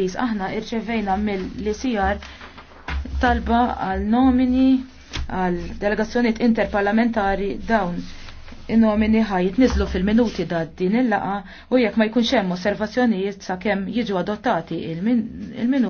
Ris aħna irċevejna mill-LCR talba għal nomini għal delegazzjoniet interparlamentari dawn in-nomini ħajt nizlu fil-minuti da' din il-laqa u jekk ma jkunx hemm osservazzjonijiet sakemm jiġu adottati il-minuti.